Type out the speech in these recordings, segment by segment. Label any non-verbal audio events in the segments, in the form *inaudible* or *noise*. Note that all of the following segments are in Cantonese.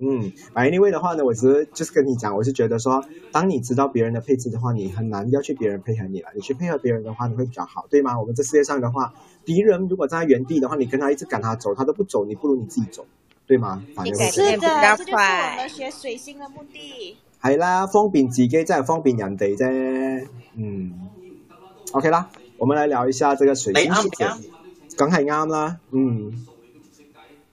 嗯，反正呢位的話呢，我只係 just 跟你講，我是覺得說，當你知道別人的配置的話，你很難要去別人配合你啦。你去配合別人的話，你會比較好，對嗎？我們這世界上的話，敵人如果站在原地的話，你跟他一直趕他走，他都不走，你不如你自己走，對嗎？反正得比較快。這就是我們學水星的目的。係啦，方便自己即係方便人哋。嗯，OK 啦，我們來聊一下這個水星食神，梗係啱啦。嗯。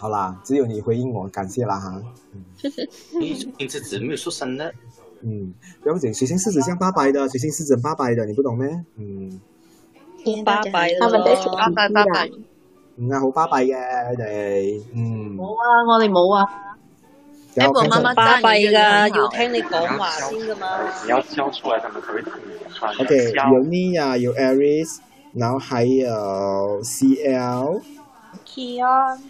好啦，只有你回應我，感謝啦哈。嗯，你不要緊，水星獅子像巴閉的，水星獅子巴閉的，你不懂咩？嗯，巴閉，他們都是巴閉，唔係、啊啊、好巴閉嘅，你嗯，好啊，我哋冇啊有個媽媽巴閉㗎，慢慢要聽你講話先㗎嘛。你要交出來，同埋佢哋，我哋、okay, 有呢呀，有 Aries，然後還有 c l k i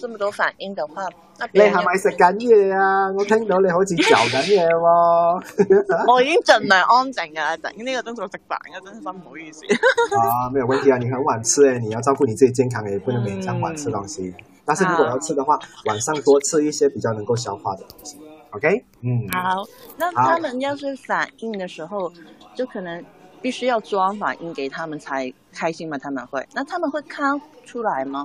這麼多反應的話，啊、你係咪食緊嘢啊？我聽到你好似嚼緊嘢喎。我已經盡量安靜啊，整呢個中途食飯，真心唔好意思。 *laughs* 啊，沒有問題啊，你很晚吃誒、欸，你要照顧你自己健康，也不能勉強晚吃東西。嗯、但是如果好要吃的話，晚上多吃一些比較能夠消化的東西。OK，嗯。好，那他們要是反應的時候，嗯、就可能必須要裝反應給他們才開心嘛？他們會？那他們會看出來嗎？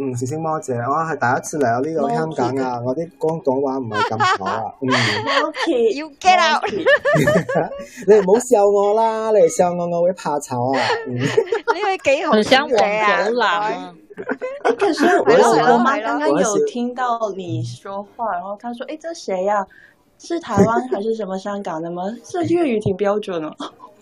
嗯，小星貓姐，我係第一次嚟我呢個香港啊，我啲廣廣東話唔係咁好啊。OK, you get out。你唔好笑我啦，你哋笑我我會怕醜啊。你係幾好想我啊？好難。其實我媽剛剛有聽到你說話，然後她說，誒，這誰呀？是台灣還是什麼香港的嗎？這粵語挺標準哦。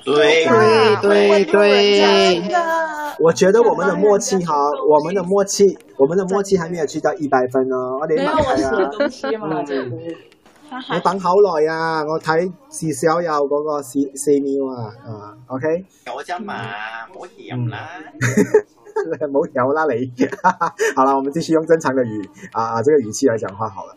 對對對對，對對對對我覺得我們的默契哈，我們的默契，我們的默契，的的默契還沒有去到一百分哦，買啊、我哋西嘛。我等好耐啊，我睇至少有嗰個四四秒啊，啊，OK。有啫嘛，冇嫌啦，冇嫌啦你。 *laughs* 好了，我們繼續用正常的語啊啊這個語氣來講話好了。